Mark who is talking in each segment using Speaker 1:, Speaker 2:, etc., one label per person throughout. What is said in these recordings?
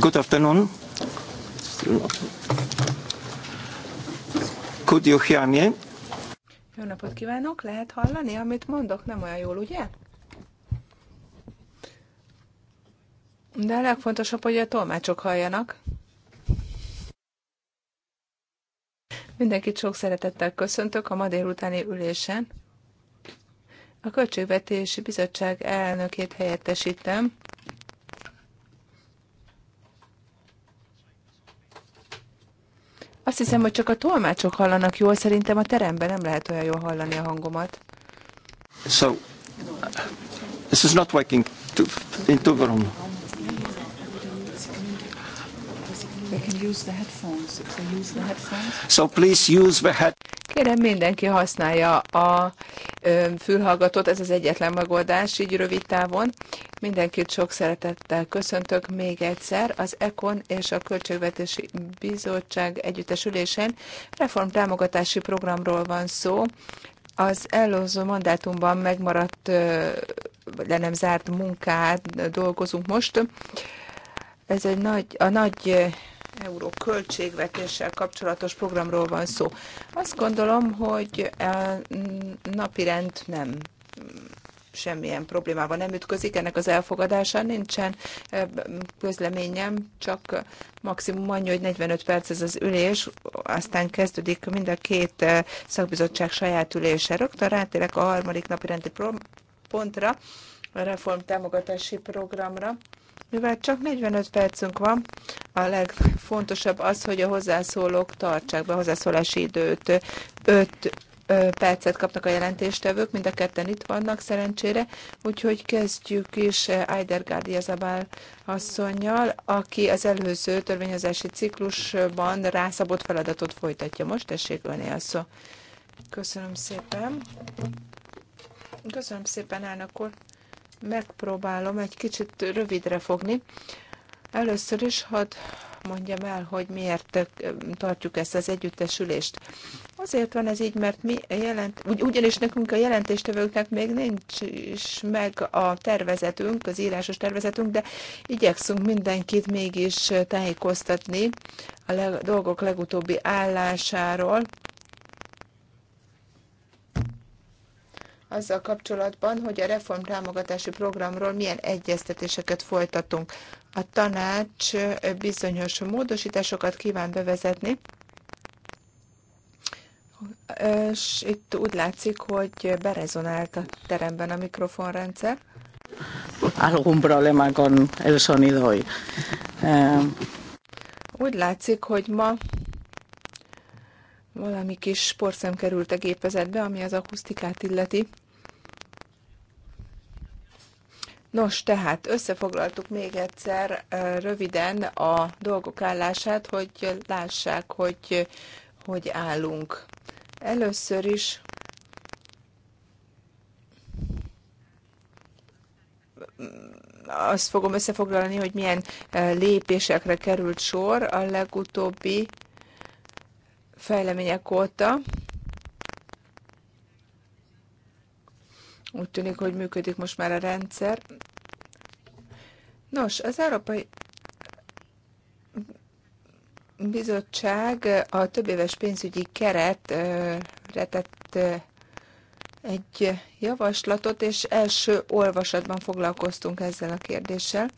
Speaker 1: Good afternoon. Could you hear me?
Speaker 2: Jó napot kívánok! Lehet hallani, amit mondok? Nem olyan jól, ugye? De a legfontosabb, hogy a tolmácsok halljanak. Mindenkit sok szeretettel köszöntök a ma délutáni ülésen. A Költségvetési Bizottság elnökét helyettesítem, Azt hiszem, hogy csak a tolmácsok hallanak jól, szerintem a teremben nem lehet olyan jól hallani a hangomat.
Speaker 1: So, this is not working to, in Tuvalu. So please use the head.
Speaker 2: Kérem, mindenki használja a fülhallgatót, ez az egyetlen megoldás, így rövid távon. Mindenkit sok szeretettel köszöntök még egyszer az EKON és a Költségvetési Bizottság együttesülésén reformtámogatási programról van szó. Az előző mandátumban megmaradt, le nem zárt munkát dolgozunk most. Ez egy nagy, a nagy euró költségvetéssel kapcsolatos programról van szó. Azt gondolom, hogy a napirend nem semmilyen problémával nem ütközik, ennek az elfogadása nincsen eh, közleményem, csak maximum annyi, hogy 45 perc ez az ülés, aztán kezdődik mind a két eh, szakbizottság saját ülése. Rögtön rátérek a harmadik napi rendi pontra, a reform támogatási programra. Mivel csak 45 percünk van, a legfontosabb az, hogy a hozzászólók tartsák be a hozzászólási időt. 5 percet kapnak a jelentéstevők, mind a ketten itt vannak szerencsére, úgyhogy kezdjük is Eider Gárdia Zabál asszonynal, aki az előző törvényezési ciklusban rászabott feladatot folytatja. Most tessék öné a szó. Köszönöm szépen. Köszönöm szépen, elnök úr megpróbálom egy kicsit rövidre fogni. Először is hadd mondjam el, hogy miért tartjuk ezt az együttesülést. Azért van ez így, mert mi jelent, ugy, ugyanis nekünk a jelentéstevőknek még nincs is meg a tervezetünk, az írásos tervezetünk, de igyekszünk mindenkit mégis tájékoztatni a leg, dolgok legutóbbi állásáról, azzal kapcsolatban, hogy a reform támogatási programról milyen egyeztetéseket folytatunk. A tanács bizonyos módosításokat kíván bevezetni, és itt úgy látszik, hogy berezonált a teremben a mikrofonrendszer.
Speaker 3: Algún problema con el sonido hoy. Eh,
Speaker 2: úgy látszik, hogy ma valami kis sportszem került a gépezetbe, ami az akusztikát illeti. Nos, tehát összefoglaltuk még egyszer röviden a dolgok állását, hogy lássák, hogy hogy állunk. Először is azt fogom összefoglalni, hogy milyen lépésekre került sor a legutóbbi fejlemények óta. Úgy tűnik, hogy működik most már a rendszer. Nos, az Európai Bizottság a éves pénzügyi keret retett egy javaslatot, és első olvasatban foglalkoztunk ezzel a kérdéssel.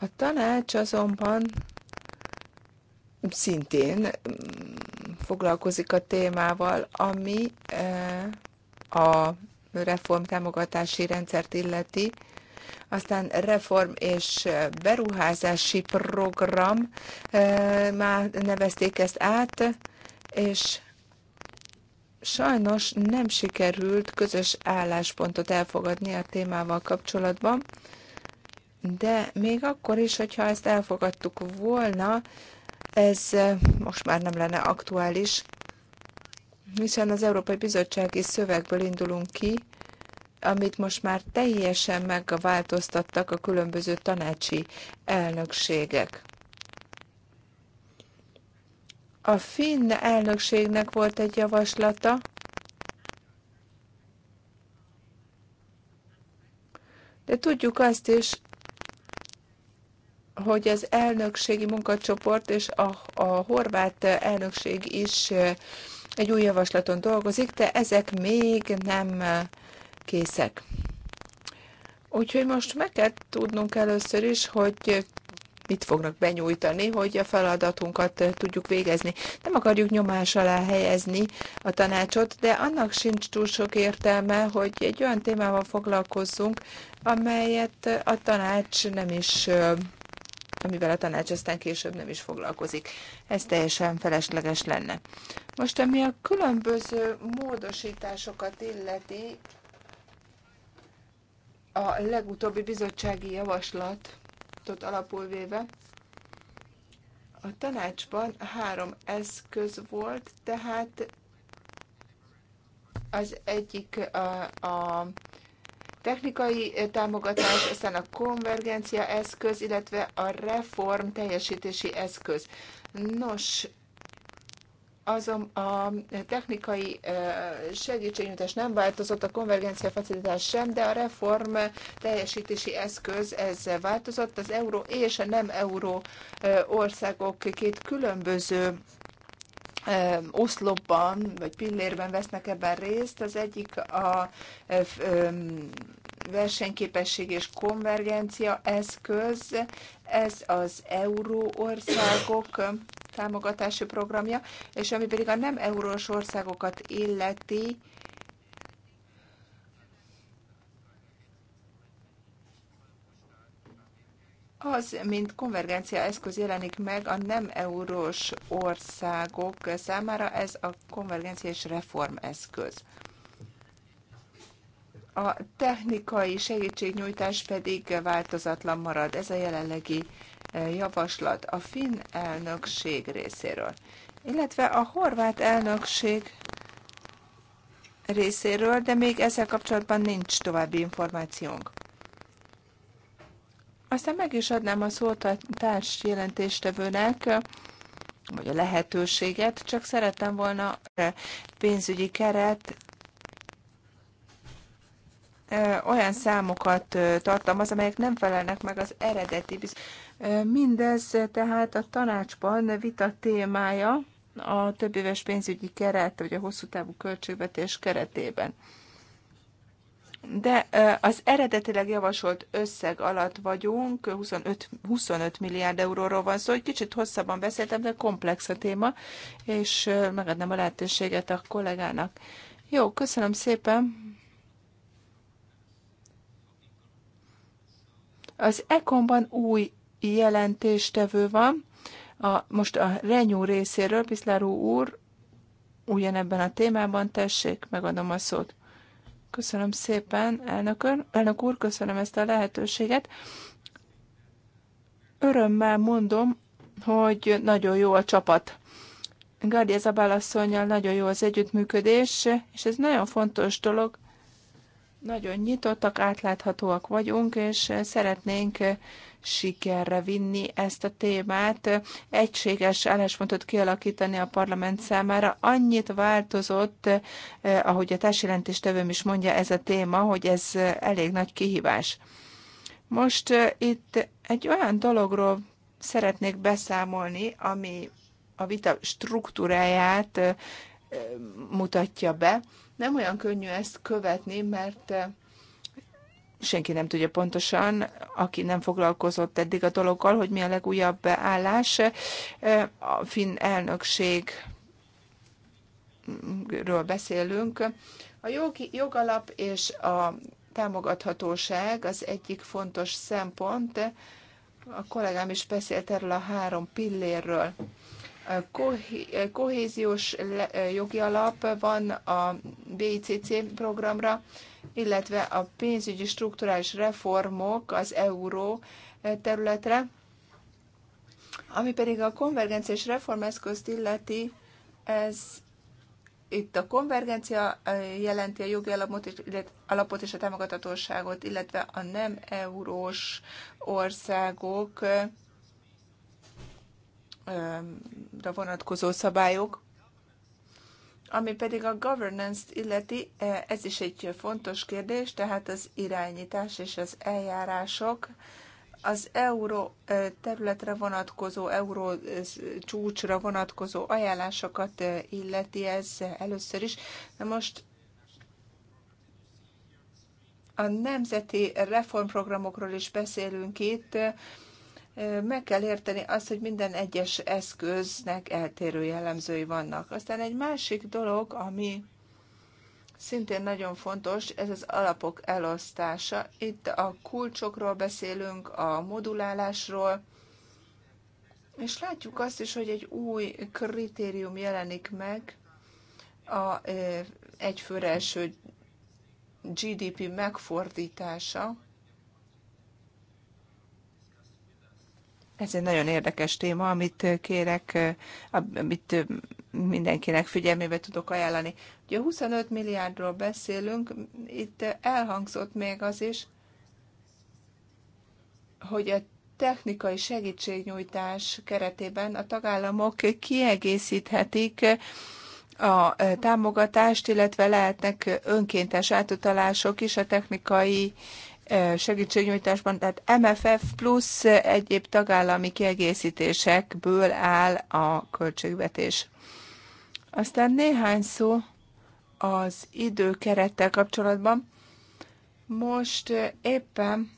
Speaker 2: A tanács azonban szintén mm, foglalkozik a témával, ami e, a reform támogatási rendszert illeti, aztán reform és beruházási program, e, már nevezték ezt át, és sajnos nem sikerült közös álláspontot elfogadni a témával kapcsolatban, de még akkor is, hogyha ezt elfogadtuk volna, ez most már nem lenne aktuális, hiszen az Európai Bizottsági Szövegből indulunk ki, amit most már teljesen megváltoztattak a különböző tanácsi elnökségek. A finn elnökségnek volt egy javaslata, de tudjuk azt is, hogy az elnökségi munkacsoport és a, a horvát elnökség is egy új javaslaton dolgozik, de ezek még nem készek. Úgyhogy most meg kell tudnunk először is, hogy mit fognak benyújtani, hogy a feladatunkat tudjuk végezni. Nem akarjuk nyomás alá helyezni a tanácsot, de annak sincs túl sok értelme, hogy egy olyan témával foglalkozzunk, amelyet a tanács nem is amivel a tanács aztán később nem is foglalkozik. Ez teljesen felesleges lenne. Most, ami a különböző módosításokat illeti, a legutóbbi bizottsági javaslatot alapul véve, a tanácsban három eszköz volt, tehát az egyik a, a technikai eh, támogatás, aztán a konvergencia eszköz, illetve a reform teljesítési eszköz. Nos, azon a technikai eh, segítségnyújtás nem változott, a konvergencia facilitás sem, de a reform teljesítési eszköz ez változott. Az euró és a nem euró eh, országok két különböző oszlopban vagy pillérben vesznek ebben részt. Az egyik a versenyképesség és konvergencia eszköz, ez az euróországok támogatási programja, és ami pedig a nem eurós országokat illeti, az, mint konvergencia eszköz jelenik meg a nem eurós országok számára, ez a konvergencia és reform eszköz. A technikai segítségnyújtás pedig változatlan marad. Ez a jelenlegi eh, javaslat a finn elnökség részéről, illetve a horvát elnökség részéről, de még ezzel kapcsolatban nincs további információnk. Aztán meg is adnám a szót a társ jelentéstevőnek, vagy a lehetőséget, csak szerettem volna pénzügyi keret olyan számokat tartalmaz, amelyek nem felelnek meg az eredeti biz... Mindez tehát a tanácsban vita témája a többéves pénzügyi keret, vagy a hosszú távú költségvetés keretében de az eredetileg javasolt összeg alatt vagyunk, 25, 25 milliárd euróról van szó, szóval kicsit hosszabban beszéltem, de komplex a téma, és megadnám a lehetőséget a kollégának. Jó, köszönöm szépen! Az ECOM-ban új jelentéstevő van, a, most a Renyú részéről, Piszláró úr, ugyanebben a témában, tessék, megadom a szót. Köszönöm szépen, ön, elnök úr, köszönöm ezt a lehetőséget. Örömmel mondom, hogy nagyon jó a csapat. ez Zabál asszonynal nagyon jó az együttműködés, és ez nagyon fontos dolog. Nagyon nyitottak, átláthatóak vagyunk, és szeretnénk sikerre vinni ezt a témát, egységes álláspontot kialakítani a parlament számára. Annyit változott, eh, ahogy a társjelentéstevőm is mondja, ez a téma, hogy ez eh, elég nagy kihívás. Most eh, itt egy olyan dologról szeretnék beszámolni, ami a vita struktúráját mutatja be. Nem olyan könnyű ezt követni, mert senki nem tudja pontosan, aki nem foglalkozott eddig a dologgal, hogy mi a legújabb állás. A finn elnökségről beszélünk. A jogi, jogalap és a támogathatóság az egyik fontos szempont. A kollégám is beszélt erről a három pillérről. Kohéziós jogi alap van a BICC programra, illetve a pénzügyi strukturális reformok az euró eh, területre, ami pedig a konvergenciás reformeszközt illeti, ez itt a konvergencia eh, jelenti a jogi alapot, alapot és a támogatatosságot, illetve a nem eurós országokra vonatkozó szabályok. Ami pedig a governance illeti, e, ez is egy fontos kérdés, tehát az irányítás és az eljárások, az euró e, területre vonatkozó, euró e, csúcsra vonatkozó ajánlásokat illeti ez először is. Na most a nemzeti reformprogramokról is beszélünk itt, meg kell érteni azt, hogy minden egyes eszköznek eltérő jellemzői vannak. Aztán egy másik dolog, ami szintén nagyon fontos, ez az alapok elosztása. Itt a kulcsokról beszélünk, a modulálásról, és látjuk azt is, hogy egy új kritérium jelenik meg a egyfőre első GDP megfordítása, Ez egy nagyon érdekes téma, amit kérek, amit mindenkinek figyelmébe tudok ajánlani. Ugye 25 milliárdról beszélünk, itt elhangzott még az is, hogy a technikai segítségnyújtás keretében a tagállamok kiegészíthetik a támogatást, illetve lehetnek önkéntes átutalások is a technikai segítségnyújtásban, tehát MFF plusz egyéb tagállami kiegészítésekből áll a költségvetés. Aztán néhány szó az időkerettel kapcsolatban. Most éppen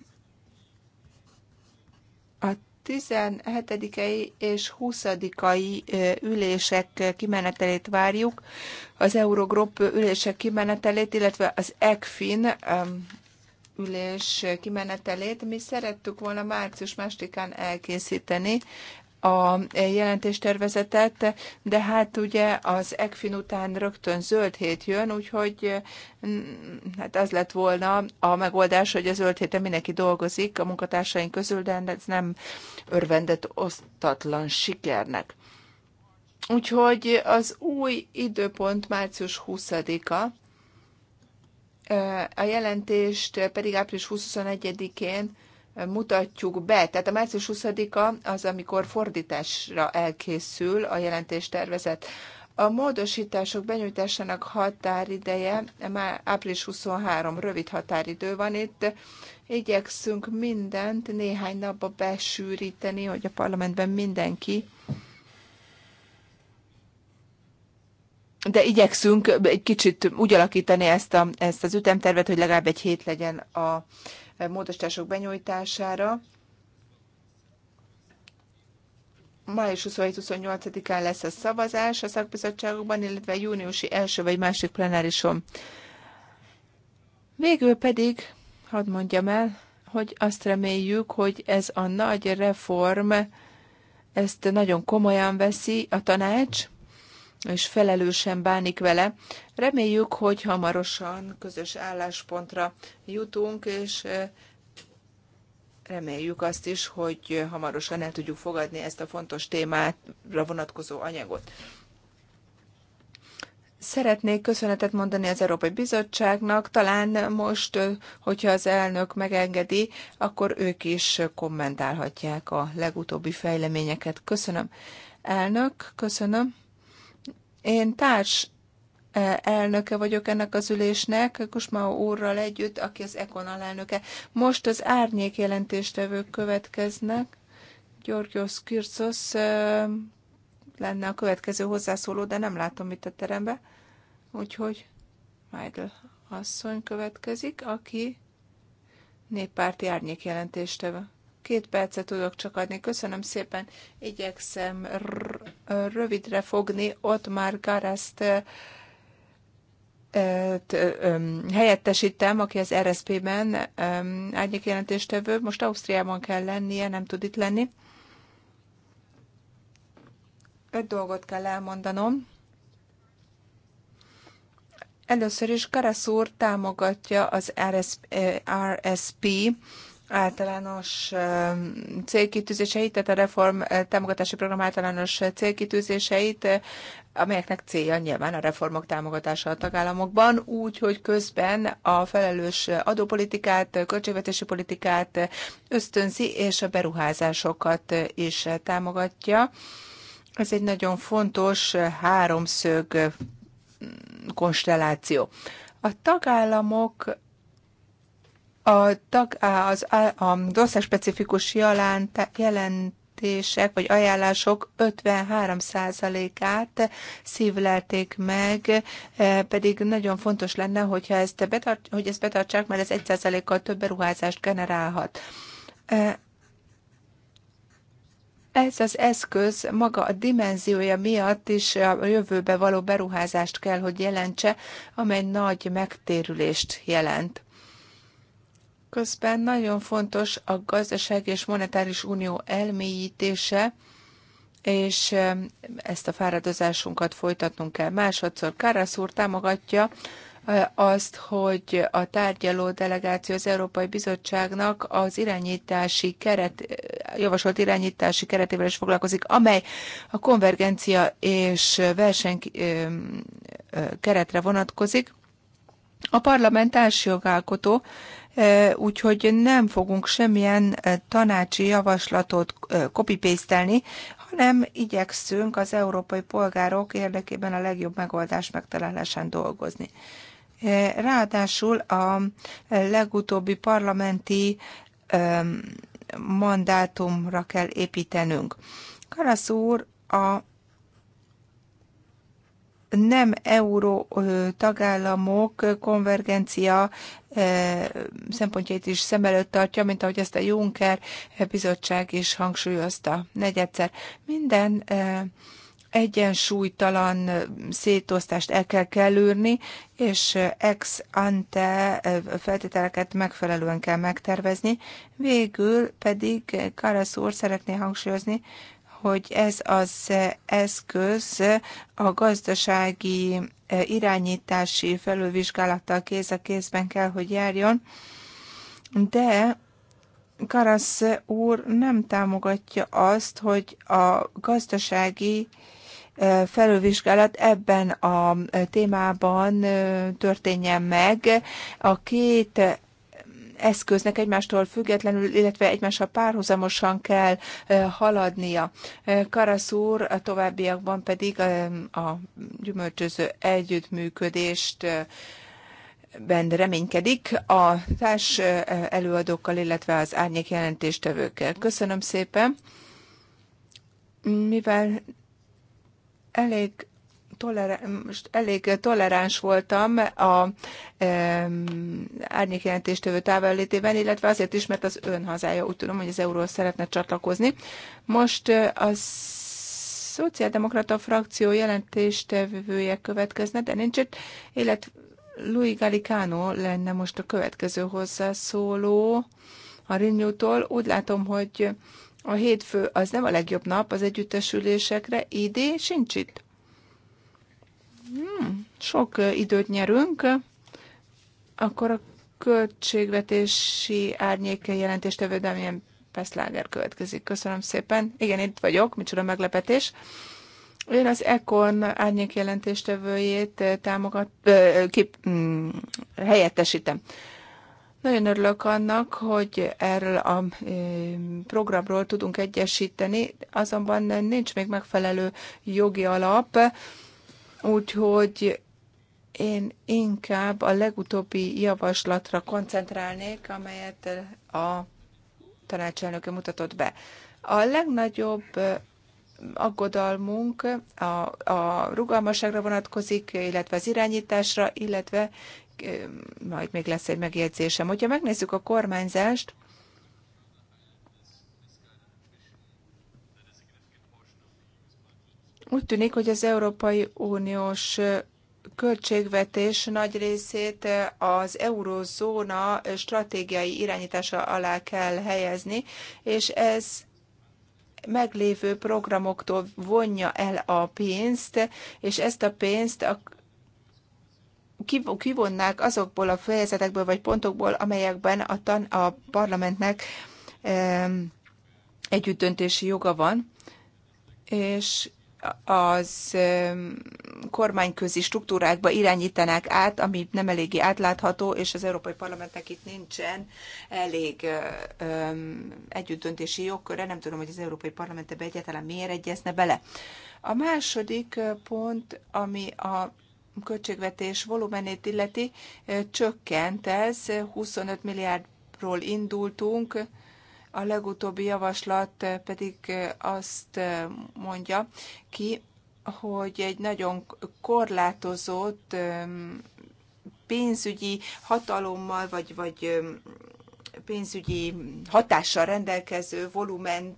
Speaker 2: a 17 és 20 ülések kimenetelét várjuk, az Eurogrup ülések kimenetelét, illetve az ECFIN ülés kimenetelét. Mi szerettük volna március másodikán elkészíteni a jelentéstervezetet, de hát ugye az ECFIN után rögtön zöld hét jön, úgyhogy mm, hát az lett volna a megoldás, hogy a zöld héten mindenki dolgozik a munkatársaink közül, de ez nem örvendett osztatlan sikernek. Úgyhogy az új időpont március 20-a, a jelentést pedig április 21-én mutatjuk be. Tehát a március 20-a az, amikor fordításra elkészül a tervezet. A módosítások benyújtásának határideje már április 23, rövid határidő van itt. Igyekszünk mindent néhány napba besűríteni, hogy a parlamentben mindenki de igyekszünk egy kicsit úgy alakítani ezt, a, ezt az ütemtervet, hogy legalább egy hét legyen a módosítások benyújtására. Május 27-28-án lesz a szavazás a szakbizottságokban, illetve júniusi első vagy másik plenárison. Végül pedig, hadd mondjam el, hogy azt reméljük, hogy ez a nagy reform ezt nagyon komolyan veszi a tanács, és felelősen bánik vele. Reméljük, hogy hamarosan közös álláspontra jutunk, és reméljük azt is, hogy hamarosan el tudjuk fogadni ezt a fontos témára vonatkozó anyagot. Szeretnék köszönetet mondani az Európai Bizottságnak, talán most, hogyha az elnök megengedi, akkor ők is kommentálhatják a legutóbbi fejleményeket. Köszönöm. Elnök, köszönöm. Én társ e, elnöke vagyok ennek az ülésnek, Kusma úrral együtt, aki az Ekonal elnöke. Most az árnyék jelentéstevők következnek. Györgyos Kürcosz e, lenne a következő hozzászóló, de nem látom itt a terembe. Úgyhogy Majdl asszony következik, aki néppárti árnyék jelentéstevő. Két percet tudok csak adni. Köszönöm szépen. Igyekszem rövidre fogni ott már Garaszt helyettesítem, aki az RSP-ben árnyék jelentéstevő. Most Ausztriában kell lennie, nem tud itt lenni. Öt dolgot kell elmondanom. Először is Karasz úr támogatja az RSP, RSP általános um, célkitűzéseit, tehát a reform eh, támogatási program általános célkitűzéseit, eh, amelyeknek célja nyilván a reformok támogatása a tagállamokban, úgy, hogy közben a felelős adópolitikát, költségvetési politikát eh, ösztönzi, és a beruházásokat is támogatja. Ez egy nagyon fontos háromszög mm, konstelláció. A tagállamok a, tag, az, az országspecifikus jelentések vagy ajánlások 53%-át szívlelték meg, e, pedig nagyon fontos lenne, hogyha ezt betart, hogy ezt betartsák, mert ez 1%-kal több beruházást generálhat. E, ez az eszköz maga a dimenziója miatt is a jövőbe való beruházást kell, hogy jelentse, amely nagy megtérülést jelent. Közben nagyon fontos a gazdaság és monetáris unió elmélyítése, és ezt a fáradozásunkat folytatnunk kell. Másodszor Karasz úr támogatja azt, hogy a tárgyaló delegáció az Európai Bizottságnak az irányítási keret, javasolt irányítási keretével is foglalkozik, amely a konvergencia és verseny keretre vonatkozik. A parlament társjogalkotó, úgyhogy nem fogunk semmilyen tanácsi javaslatot copy hanem igyekszünk az európai polgárok érdekében a legjobb megoldás megtalálásán dolgozni. Ráadásul a legutóbbi parlamenti mandátumra kell építenünk. Karasz úr a nem euró tagállamok konvergencia szempontjait is szem előtt tartja, mint ahogy ezt a Juncker bizottság is hangsúlyozta negyedszer. Minden egyensúlytalan szétosztást el kell kellőrni, és ex ante feltételeket megfelelően kell megtervezni. Végül pedig Karasz úr szeretné hangsúlyozni, hogy ez az eszköz a gazdasági e, irányítási felülvizsgálattal kéz a kézben kell, hogy járjon, de Karasz úr nem támogatja azt, hogy a gazdasági e, felülvizsgálat ebben a e, témában történjen meg. A két eszköznek egymástól függetlenül, illetve egymással párhuzamosan kell haladnia. Karasz úr a továbbiakban pedig a gyümölcsöző együttműködést ben reménykedik a társ előadókkal, illetve az árnyék jelentéstevőkkel. Köszönöm szépen, mivel elég tolerá- elég toleráns voltam a e, árnyékjelentéstövő távollétében, illetve azért is, mert az ön hazája úgy tudom, hogy az euró szeretne csatlakozni. Most a szociáldemokrata frakció jelentéstevője következne, de nincs itt, illetve Louis Galicano lenne most a következő hozzászóló a Rinyútól. Úgy látom, hogy a hétfő az nem a legjobb nap az együttesülésekre, idén sincs itt. Hmm, sok időt nyerünk, akkor a költségvetési árnyéke jelentéstevő Damien Peszláger következik. Köszönöm szépen. Igen, itt vagyok, micsoda meglepetés. Én az Econ árnyék jelentéstevőjét támogat, ö, kip, mm, helyettesítem. Nagyon örülök annak, hogy erről a programról tudunk egyesíteni, azonban nincs még megfelelő jogi alap Úgyhogy én inkább a legutóbbi javaslatra koncentrálnék, amelyet a tanácselnöke mutatott be. A legnagyobb aggodalmunk a, a rugalmasságra vonatkozik, illetve az irányításra, illetve majd még lesz egy megjegyzésem. Hogyha megnézzük a kormányzást, Úgy tűnik, hogy az Európai Uniós költségvetés nagy részét az eurozóna stratégiai irányítása alá kell helyezni, és ez meglévő programoktól vonja el a pénzt, és ezt a pénzt a kivonnák azokból a fejezetekből vagy pontokból, amelyekben a, tan, a parlamentnek együttdöntési joga van, és az kormányközi struktúrákba irányítanák át, ami nem eléggé átlátható, és az Európai Parlamentnek itt nincsen elég együttdöntési jogköre. Nem tudom, hogy az Európai Parlament ebbe egyáltalán miért egyezne bele. A második pont, ami a költségvetés volumenét illeti, csökkent ez, 25 milliárdról indultunk, a legutóbbi javaslat eh, pedig eh, azt eh, mondja ki, hogy egy nagyon korlátozott pénzügyi hatalommal, vagy, vagy pénzügyi hatással rendelkező volumenű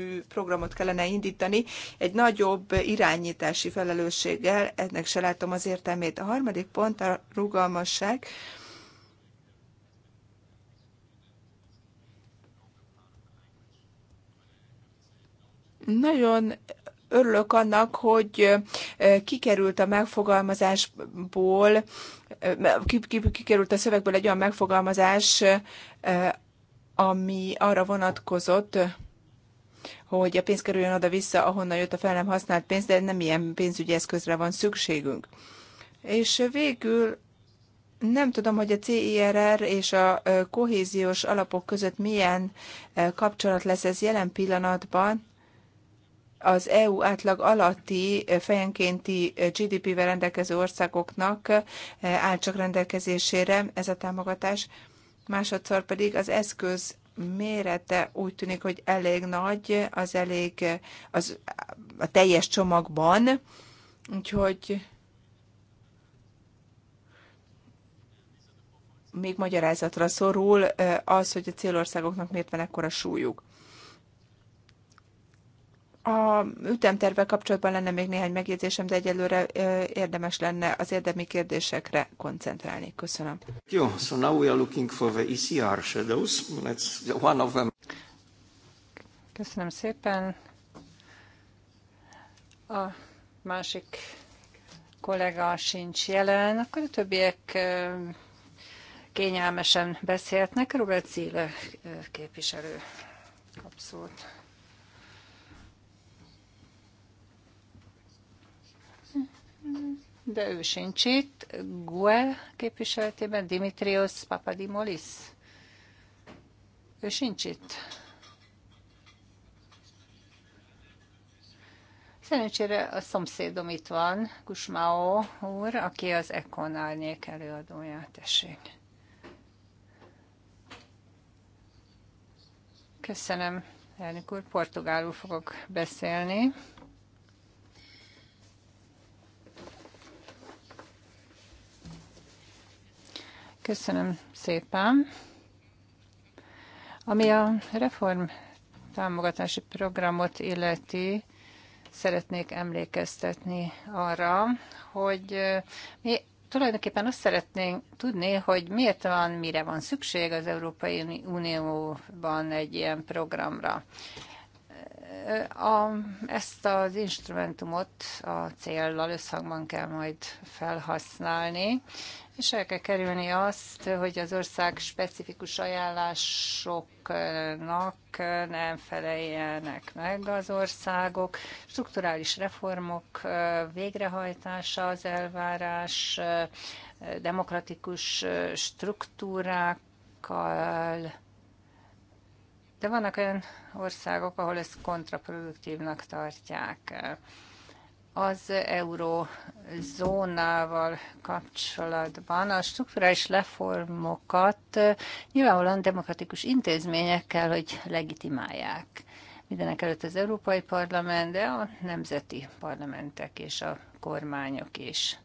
Speaker 2: mm, programot kellene indítani, egy nagyobb irányítási felelősséggel, ennek se látom az értelmét. A harmadik pont a rugalmasság. Nagyon örülök annak, hogy kikerült a megfogalmazásból, kikerült a szövegből egy olyan megfogalmazás, ami arra vonatkozott, hogy a pénz kerüljön oda-vissza, ahonnan jött a fel nem használt pénz, de nem ilyen pénzügyi eszközre van szükségünk. És végül nem tudom, hogy a CIRR és a kohéziós alapok között milyen kapcsolat lesz ez jelen pillanatban az EU átlag alatti fejenkénti GDP-vel rendelkező országoknak áll csak rendelkezésére ez a támogatás, másodszor pedig az eszköz mérete úgy tűnik, hogy elég nagy, az elég az, a teljes csomagban, úgyhogy még magyarázatra szorul az, hogy a célországoknak miért van ekkora súlyuk. A ütemtervvel kapcsolatban lenne még néhány megjegyzésem, de egyelőre érdemes lenne az érdemi kérdésekre koncentrálni. Köszönöm.
Speaker 1: Jó, so now we are looking for the ECR shadows. That's one of them.
Speaker 3: Köszönöm szépen. A másik kollega sincs jelen, akkor a többiek kényelmesen beszélhetnek. Robert Zile képviselő abszolút. de ő sincs itt. Gue képviseletében Dimitrios Papadimolis. Ő sincs itt. Szerencsére a szomszédom itt van, Kusmao úr, aki az Econ árnyék előadója. Tessék. Köszönöm, elnök úr. Portugálul fogok beszélni. Köszönöm szépen. Ami a reform támogatási programot illeti, szeretnék emlékeztetni arra, hogy mi tulajdonképpen azt szeretnénk tudni, hogy miért van, mire van szükség az Európai Unióban egy ilyen programra a, ezt az instrumentumot a céllal összhangban kell majd felhasználni, és el kell kerülni azt, hogy az ország specifikus ajánlásoknak nem feleljenek meg az országok. Strukturális reformok végrehajtása az elvárás, demokratikus struktúrákkal de vannak olyan országok, ahol ezt kontraproduktívnak tartják. Az eurózónával kapcsolatban a strukturális reformokat nyilvánvalóan demokratikus intézményekkel, hogy legitimálják. Mindenek előtt az Európai Parlament, de a nemzeti parlamentek és a kormányok is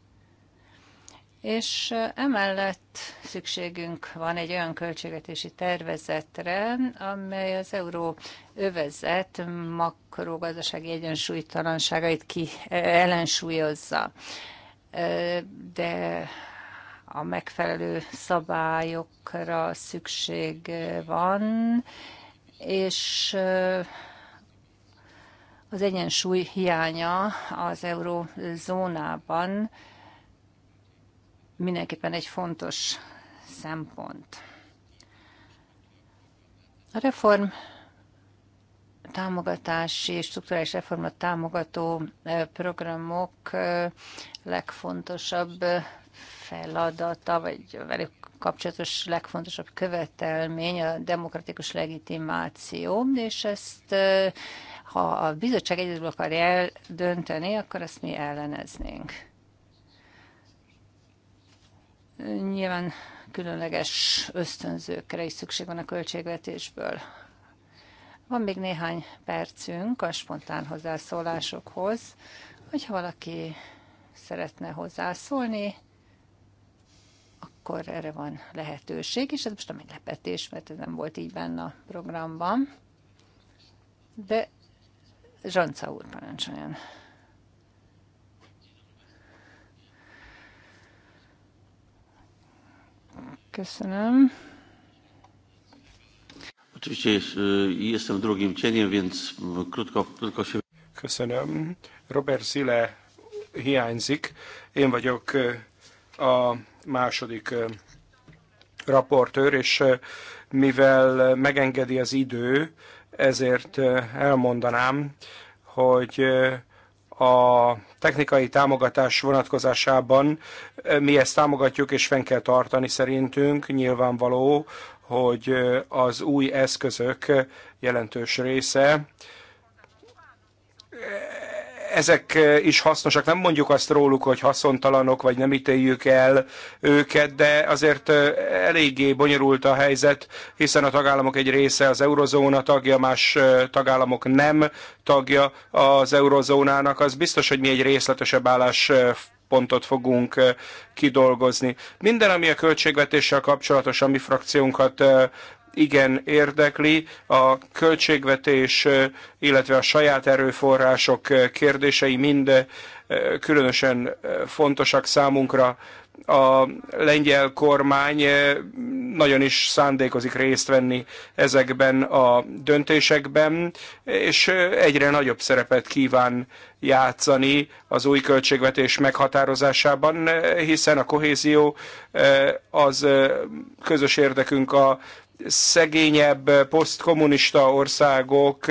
Speaker 3: és emellett szükségünk van egy olyan költségetési tervezetre, amely az euró övezet makrogazdasági egyensúlytalanságait ki e, ellensúlyozza. De a megfelelő szabályokra szükség van, és az egyensúly hiánya az eurózónában mindenképpen egy fontos szempont. A reform támogatási és strukturális reformot támogató programok legfontosabb feladata, vagy velük kapcsolatos legfontosabb követelmény a demokratikus legitimáció, és ezt ha a bizottság egyedül akarja eldönteni, akkor azt mi elleneznénk. Nyilván különleges ösztönzőkre is szükség van a költségvetésből. Van még néhány percünk a spontán hozzászólásokhoz, hogyha valaki szeretne hozzászólni, akkor erre van lehetőség, és ez most a meglepetés, mert ez nem volt így benne a programban. De Zsanca úr parancsoljon. Köszönöm. E,
Speaker 1: Köszönöm. Robert Zile hiányzik. Én vagyok e, a második e, raportőr, és mivel megengedi az idő, ezért elmondanám, hogy a technikai támogatás vonatkozásában eh, mi ezt támogatjuk és fenn kell tartani szerintünk, nyilvánvaló, hogy eh, az új eszközök jelentős része ezek eh, is hasznosak. Nem mondjuk azt róluk, hogy haszontalanok, vagy nem ítéljük el őket, de azért eh, eléggé bonyolult a helyzet, hiszen a tagállamok egy része az eurozóna tagja, más eh, tagállamok nem tagja az eurozónának. Az biztos, hogy mi egy részletesebb állás pontot fogunk kidolgozni. Minden, ami a költségvetéssel kapcsolatos, a mi frakciónkat igen érdekli a költségvetés, illetve a saját erőforrások kérdései mind különösen fontosak számunkra a lengyel kormány eh, nagyon is szándékozik részt venni ezekben a döntésekben, és eh, egyre nagyobb szerepet kíván játszani az új költségvetés meghatározásában, eh, hiszen a kohézió az közös érdekünk a szegényebb posztkommunista országok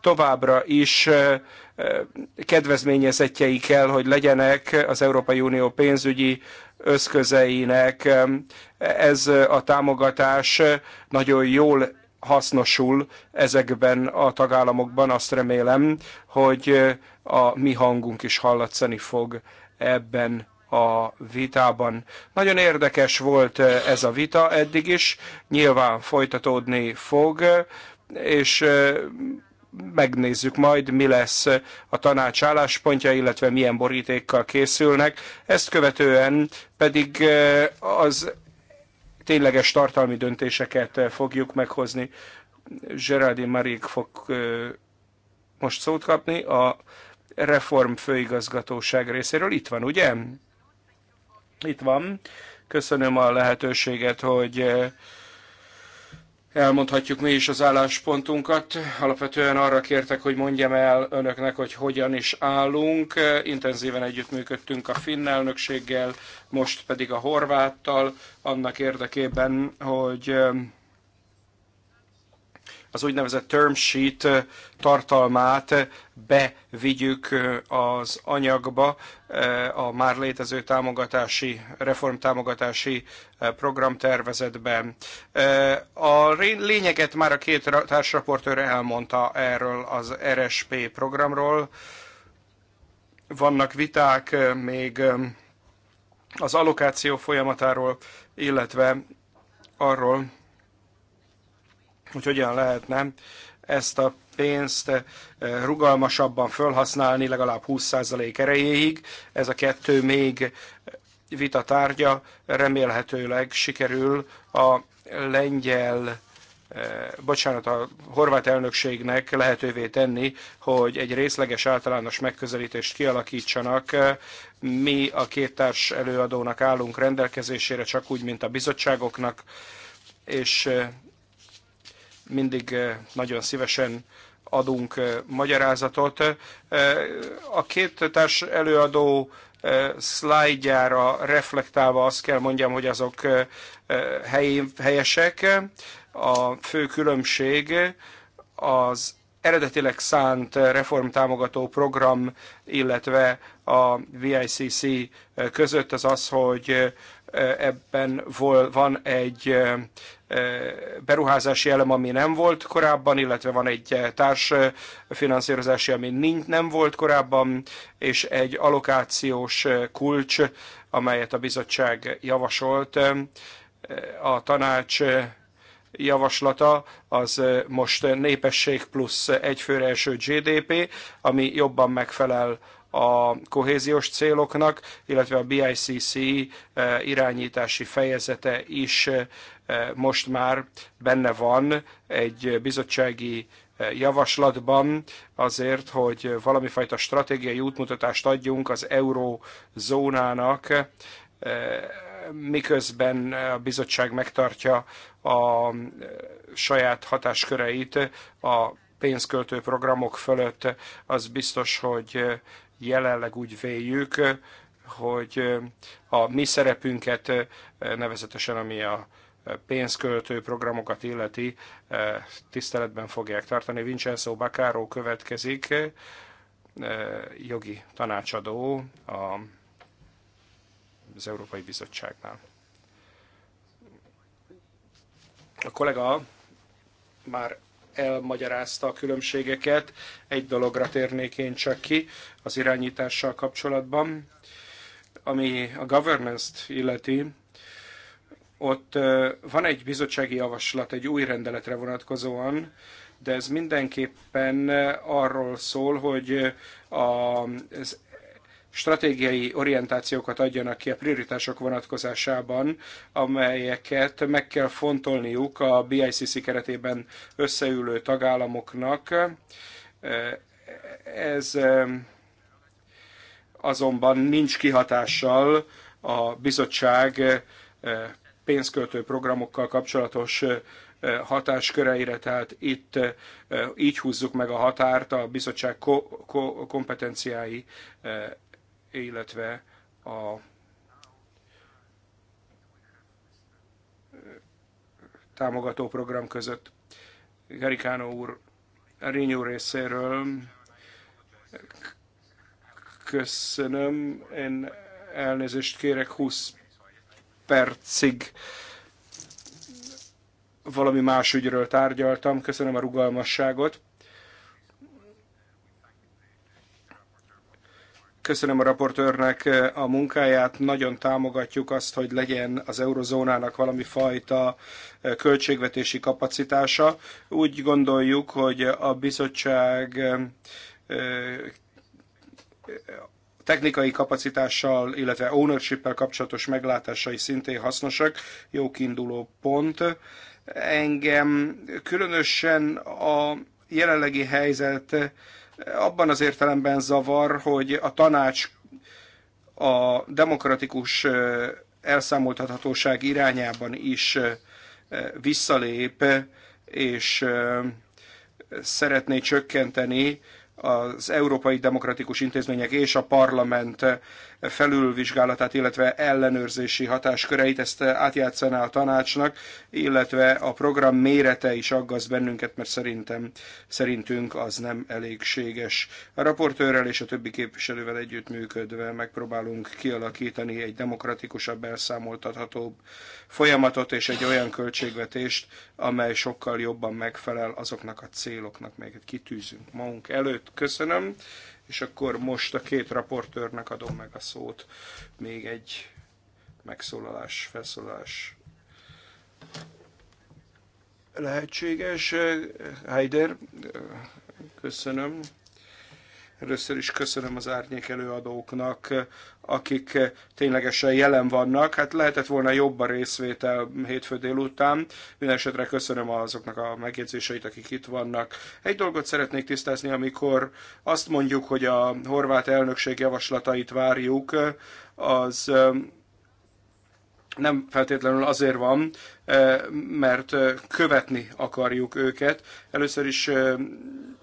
Speaker 1: továbbra is kedvezményezettjei kell, hogy legyenek az Európai Unió pénzügyi összközeinek. Ez a támogatás nagyon jól hasznosul ezekben a tagállamokban. Azt remélem, hogy a mi hangunk is hallatszani fog ebben a vitában. Nagyon érdekes volt ez a vita eddig is, nyilván folytatódni fog, és megnézzük majd, mi lesz a tanács álláspontja, illetve milyen borítékkal készülnek. Ezt követően pedig eh, az tényleges tartalmi döntéseket eh, fogjuk meghozni. Geraldine Marik fog eh, most szót kapni a Reform főigazgatóság részéről. Itt van, ugye? Itt van. Köszönöm a lehetőséget, hogy elmondhatjuk mi is az álláspontunkat. Alapvetően arra kértek, hogy mondjam el önöknek, hogy hogyan is állunk. Intenzíven együttműködtünk a finn elnökséggel, most pedig a horváttal, annak érdekében, hogy az úgynevezett term sheet tartalmát bevigyük az anyagba a már létező támogatási, reformtámogatási programtervezetben. A lényeget már a két társraportőr elmondta erről az RSP programról. Vannak viták még az allokáció folyamatáról, illetve arról, hogy hogyan lehetne ezt a pénzt eh, rugalmasabban felhasználni, legalább 20% erejéig. Ez a kettő még vita tárgya, remélhetőleg sikerül a lengyel eh, bocsánat, a horvát elnökségnek lehetővé tenni, hogy egy részleges általános megközelítést kialakítsanak. Mi a két társ előadónak állunk rendelkezésére, csak úgy, mint a bizottságoknak, és eh, mindig eh, nagyon szívesen adunk eh, magyarázatot. Eh, a két társ előadó szlájdjára reflektálva azt kell mondjam, hogy azok helyi, helyesek. A fő különbség az eredetileg szánt reformtámogató program, illetve a VICC között az az, hogy ebben van egy beruházási elem, ami nem volt korábban, illetve van egy társ finanszírozási, ami nem volt korábban, és egy alokációs kulcs, amelyet a bizottság javasolt. A tanács javaslata az most népesség plusz egyfőre első GDP, ami jobban megfelel a kohéziós céloknak, illetve a BICC eh, irányítási fejezete is eh, most már benne van egy bizottsági eh, javaslatban azért, hogy valamifajta stratégiai útmutatást adjunk az eurózónának, miközben a bizottság megtartja a saját hatásköreit a pénzköltő programok fölött, az biztos, hogy jelenleg úgy véljük, hogy a mi szerepünket, nevezetesen ami a pénzköltő programokat illeti, tiszteletben fogják tartani. Vincenzo Baccaro következik, jogi tanácsadó az Európai Bizottságnál. A kollega már elmagyarázta a különbségeket. Egy dologra térnék én csak ki az irányítással kapcsolatban, ami a governance-t illeti, ott van egy bizottsági javaslat egy új rendeletre vonatkozóan, de ez mindenképpen arról szól, hogy az stratégiai orientációkat adjanak ki a prioritások vonatkozásában, amelyeket meg kell fontolniuk a BICC keretében összeülő tagállamoknak. Ez eh, azonban nincs kihatással a bizottság eh, pénzköltő programokkal kapcsolatos eh, hatásköreire, tehát itt így húzzuk meg a határt a bizottság ko- ko- kompetenciái illetve a támogató program között. Gerikánó úr Rényó részéről köszönöm. Én elnézést kérek 20 percig valami más ügyről tárgyaltam. Köszönöm a rugalmasságot. Köszönöm a raportőrnek eh, a munkáját, nagyon támogatjuk azt, hogy legyen az eurozónának valami fajta eh, költségvetési kapacitása. Úgy gondoljuk, hogy a bizottság eh, technikai kapacitással, illetve ownership kapcsolatos meglátásai szintén hasznosak, jó kiinduló pont. Engem különösen a jelenlegi helyzet abban az értelemben zavar, hogy a tanács a demokratikus elszámoltathatóság irányában is visszalép, és szeretné csökkenteni az európai demokratikus intézmények és a parlament felülvizsgálatát, illetve ellenőrzési hatásköreit, ezt átjátszaná a tanácsnak, illetve a program mérete is aggaszt bennünket, mert szerintem, szerintünk az nem elégséges. A raportőrrel és a többi képviselővel együttműködve megpróbálunk kialakítani egy demokratikusabb, elszámoltathatóbb folyamatot és egy olyan költségvetést, amely sokkal jobban megfelel azoknak a céloknak, melyeket kitűzünk magunk előtt. Köszönöm és akkor most a két raportőrnek adom meg a szót. Még egy megszólalás, felszólalás lehetséges. Heider, köszönöm. Először is köszönöm az árnyék előadóknak, akik ténylegesen jelen vannak. Hát lehetett volna jobb a részvétel hétfő délután. Mindenesetre köszönöm azoknak a megjegyzéseit, akik itt vannak. Egy dolgot szeretnék tisztázni, amikor azt mondjuk, hogy a horvát elnökség javaslatait várjuk, az um, nem feltétlenül azért van, um, mert követni akarjuk őket. Először is um,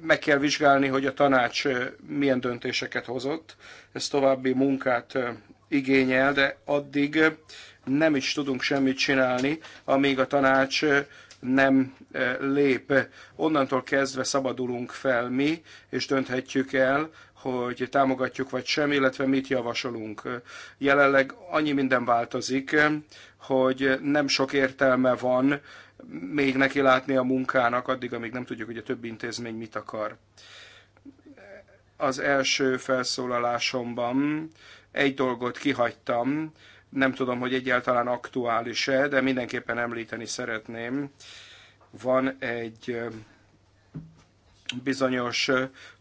Speaker 1: meg kell vizsgálni, hogy a tanács milyen döntéseket hozott. Ez további munkát igényel, de addig nem is tudunk semmit csinálni, amíg a tanács nem lép. Onnantól kezdve szabadulunk fel mi, és dönthetjük el, hogy támogatjuk vagy sem, illetve mit javasolunk. Jelenleg annyi minden változik, hogy nem sok értelme van még neki látni a munkának, addig, amíg nem tudjuk, hogy a több intézmény mit akar. Az első felszólalásomban egy dolgot kihagytam, nem tudom, hogy egyáltalán aktuális-e, de mindenképpen említeni szeretném. Van egy bizonyos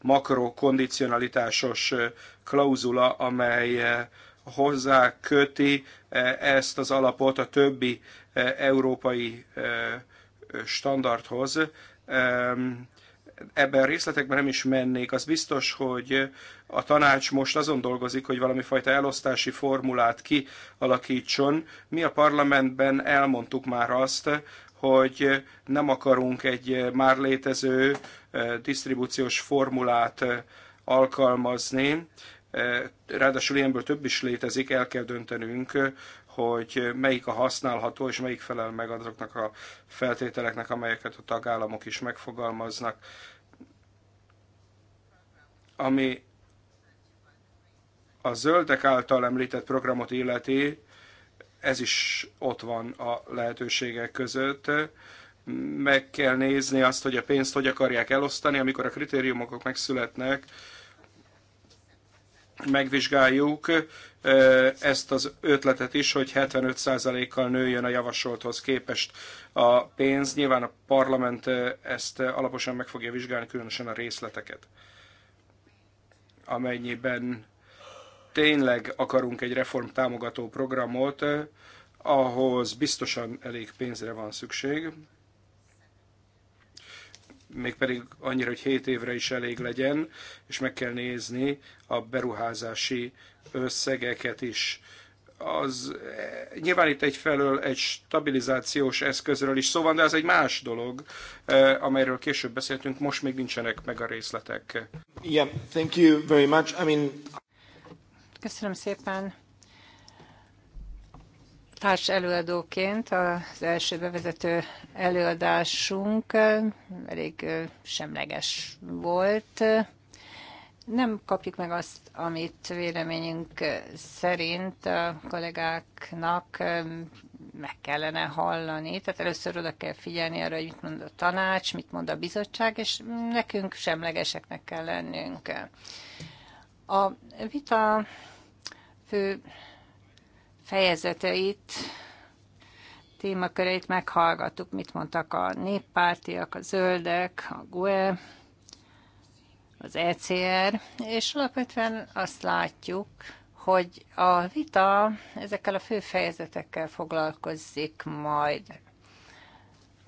Speaker 1: makrokondicionalitásos klauzula, amely hozzá köti e, ezt az alapot a többi e, európai e, standardhoz. Ebben a részletekben nem is mennék. Az biztos, hogy a tanács most azon dolgozik, hogy valami fajta elosztási formulát kialakítson. Mi a parlamentben elmondtuk már azt, hogy nem akarunk egy már létező disztribúciós formulát alkalmazni, ráadásul ilyenből több is létezik, el kell döntenünk, hogy melyik a használható, és melyik felel meg azoknak a feltételeknek, amelyeket a tagállamok is megfogalmaznak. Ami a zöldek által említett programot illeti, ez is ott van a lehetőségek között. Meg kell nézni azt, hogy a pénzt hogy akarják elosztani, amikor a kritériumok megszületnek, megvizsgáljuk eh, ezt az ötletet is, hogy 75%-kal nőjön a javasolthoz képest a pénz. Nyilván a parlament eh, ezt eh, alaposan meg fogja vizsgálni, különösen a részleteket. Amennyiben tényleg akarunk egy reform támogató programot, ahhoz biztosan elég pénzre van szükség mégpedig annyira, hogy 7 évre is elég legyen, és meg kell nézni a beruházási összegeket is. Az, eh, nyilván itt egyfelől egy stabilizációs eszközről is szó van, de ez egy más dolog, eh, amelyről később beszéltünk, most még nincsenek meg a részletek. Yeah, thank you very much. I mean... Köszönöm
Speaker 3: szépen társ előadóként az első bevezető előadásunk elég semleges volt. Nem kapjuk meg azt, amit véleményünk szerint a kollégáknak meg kellene hallani. Tehát először oda kell figyelni arra, hogy mit mond a tanács, mit mond a bizottság, és nekünk semlegeseknek kell lennünk. A vita fő fejezeteit, témaköreit meghallgattuk, mit mondtak a néppártiak, a zöldek, a GUE, az ECR, és alapvetően azt látjuk, hogy a vita ezekkel a fő fejezetekkel foglalkozik majd.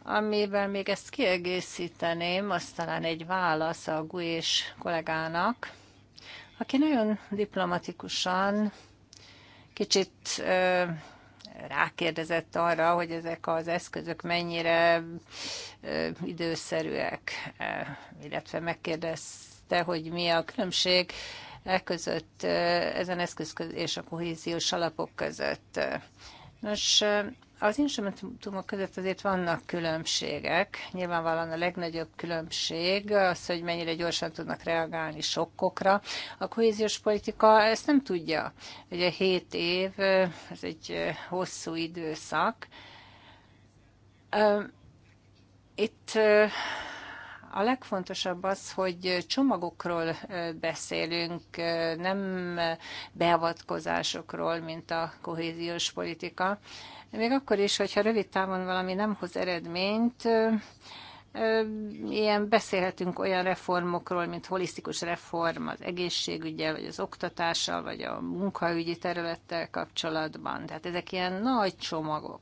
Speaker 3: Amivel még ezt kiegészíteném, az talán egy válasz a GUE-s kollégának, aki nagyon diplomatikusan kicsit rákérdezett arra, hogy ezek az eszközök mennyire időszerűek, illetve megkérdezte, hogy mi a különbség e között, ezen eszköz és a kohéziós alapok között. Nos, az instrumentumok között azért vannak különbségek. Nyilvánvalóan a legnagyobb különbség az, hogy mennyire gyorsan tudnak reagálni sokkokra. A kohéziós politika ezt nem tudja. Ugye 7 év, ez egy hosszú időszak. Itt a legfontosabb az, hogy csomagokról beszélünk, nem beavatkozásokról, mint a kohéziós politika. Még akkor is, hogyha rövid távon valami nem hoz eredményt, ilyen beszélhetünk olyan reformokról, mint holisztikus reform az egészségügyel, vagy az oktatással, vagy a munkaügyi területtel kapcsolatban. Tehát ezek ilyen nagy csomagok.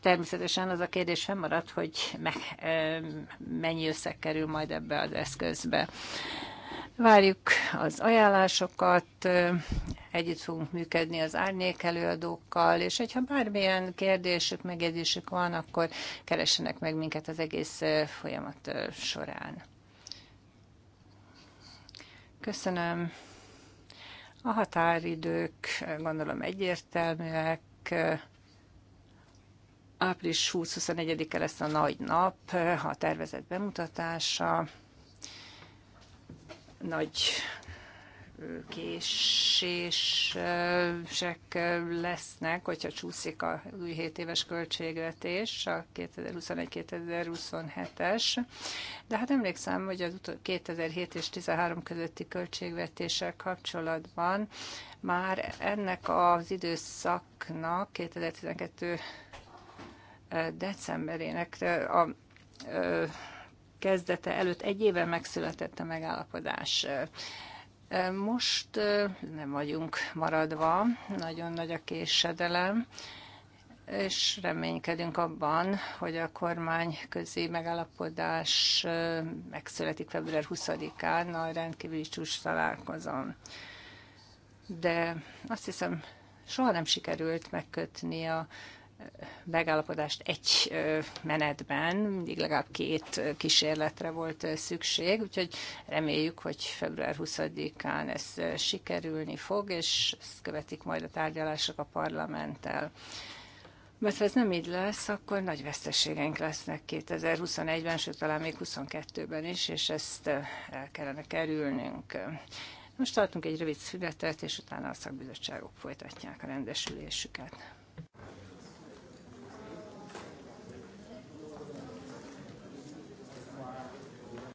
Speaker 3: Természetesen az a kérdés fennmaradt, hogy mennyi összeg kerül majd ebbe az eszközbe. Várjuk az ajánlásokat, együtt fogunk működni az árnyék előadókkal, és hogyha bármilyen kérdésük, megjegyzésük van, akkor keressenek meg minket az egész folyamat során. Köszönöm. A határidők gondolom egyértelműek. Április 20-21-e lesz a nagy nap, a tervezett bemutatása nagy késések lesznek, hogyha csúszik a új 7 éves költségvetés, a 2021-2027-es. De hát emlékszem, hogy az 2007 és 13 közötti költségvetéssel kapcsolatban már ennek az időszaknak, 2012 decemberének a kezdete előtt egy éve megszületett a megállapodás. Most nem vagyunk maradva, nagyon nagy a késedelem, és reménykedünk abban, hogy a kormány közé megállapodás megszületik február 20-án a rendkívüli csúcs találkozón. De azt hiszem, soha nem sikerült megkötni a megállapodást egy menetben, mindig legalább két kísérletre volt szükség, úgyhogy reméljük, hogy február 20-án ez sikerülni fog, és ezt követik majd a tárgyalások a parlamenttel. Mert ha ez nem így lesz, akkor nagy veszteségeink lesznek 2021-ben, sőt talán még 22-ben is, és ezt el kellene kerülnünk. Most tartunk egy rövid szünetet, és utána a szakbizottságok folytatják a rendesülésüket.